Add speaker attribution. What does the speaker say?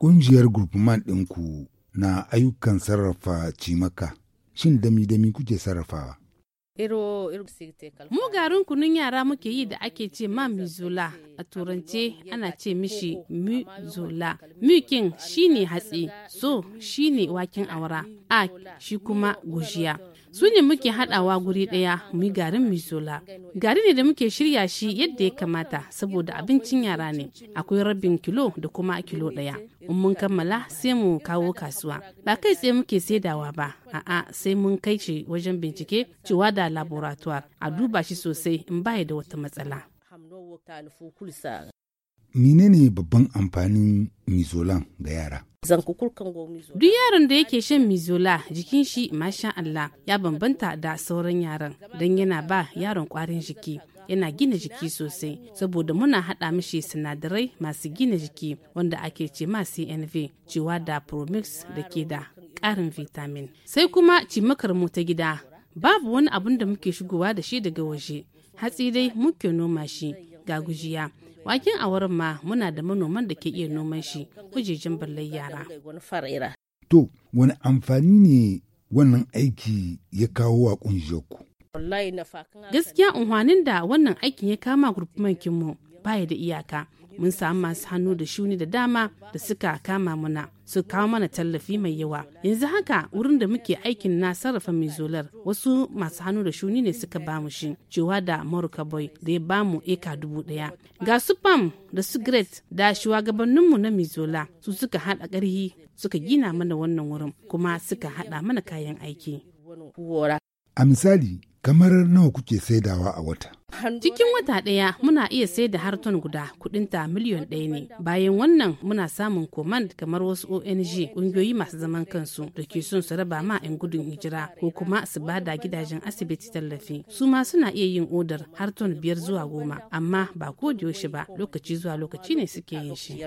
Speaker 1: Ƙungiyar Gurfuman ɗinku na ayyukan sarrafa cimaka, shin dami-dami kuke sarrafawa?
Speaker 2: Mu garin kunun yara muke yi da ake ce ma mizula a turance ana ce mishi zola mukin shine hatsi so shine waken awara a shi kuma gujiya su ne muke hadawa guri daya mu yi garin zola gari ne da muke shirya shi yadda ya kamata saboda abincin yara ne akwai rabin kilo da kuma kilo daya in mun kammala sai mu kawo kasuwa ba kai tsaye muke saidawa ba a'a sai mun kai shi wajen bincike cewa da laboratoire a duba shi sosai in baya da wata matsala
Speaker 1: menene babban amfanin mizolan ga yara
Speaker 2: Duk yaron da yake shan mizola jikin shi masha Allah ya bambanta da sauran yaran don yana ba yaron kwarin jiki yana gina jiki sosai saboda muna haɗa mishi sinadarai masu gina jiki wanda ake ce ma CNV cewa da promix da ke da ƙarin vitamin sai kuma cimakar mu ta gida babu wani abun da muke shigowa da shi daga waje hatsi dai muke noma shi ga gujiya waken a wurin ma muna da manoman da ke iya noman shi kujejin ballai yara
Speaker 1: to wani amfani ne wannan aiki ya kawo a ƙungiyarku
Speaker 2: gaskiya unhwanin da wannan aikin ya kama gurfumankin mu baya da iyaka mun samu masu hannu da shuni da dama da suka kama muna su kawo mana tallafi mai yawa yanzu haka wurin da muke aikin na sarrafa mai zolar wasu masu hannu da shuni ne suka bamu shi cewa da morka boy da ya bamu eka dubu daya ga su pam da su great da shugabanninmu na mai mizola su suka haɗa ƙarhi suka gina mana wannan wurin kuma suka haɗa mana kayan aiki
Speaker 1: a misali kamar nawa kuke saidawa a wata
Speaker 2: Cikin wata ɗaya muna iya sai da harton guda ta miliyon ɗaya ne. Bayan wannan muna samun komand kamar wasu ONG ƙungiyoyi masu zaman kansu da ke son su raba ma 'yan gudun hijira ko kuma su bada gidajen asibiti tallafi. Su ma suna iya yin odar harton biyar zuwa goma amma ba ko da yaushe ba lokaci zuwa lokaci ne suke yin shi.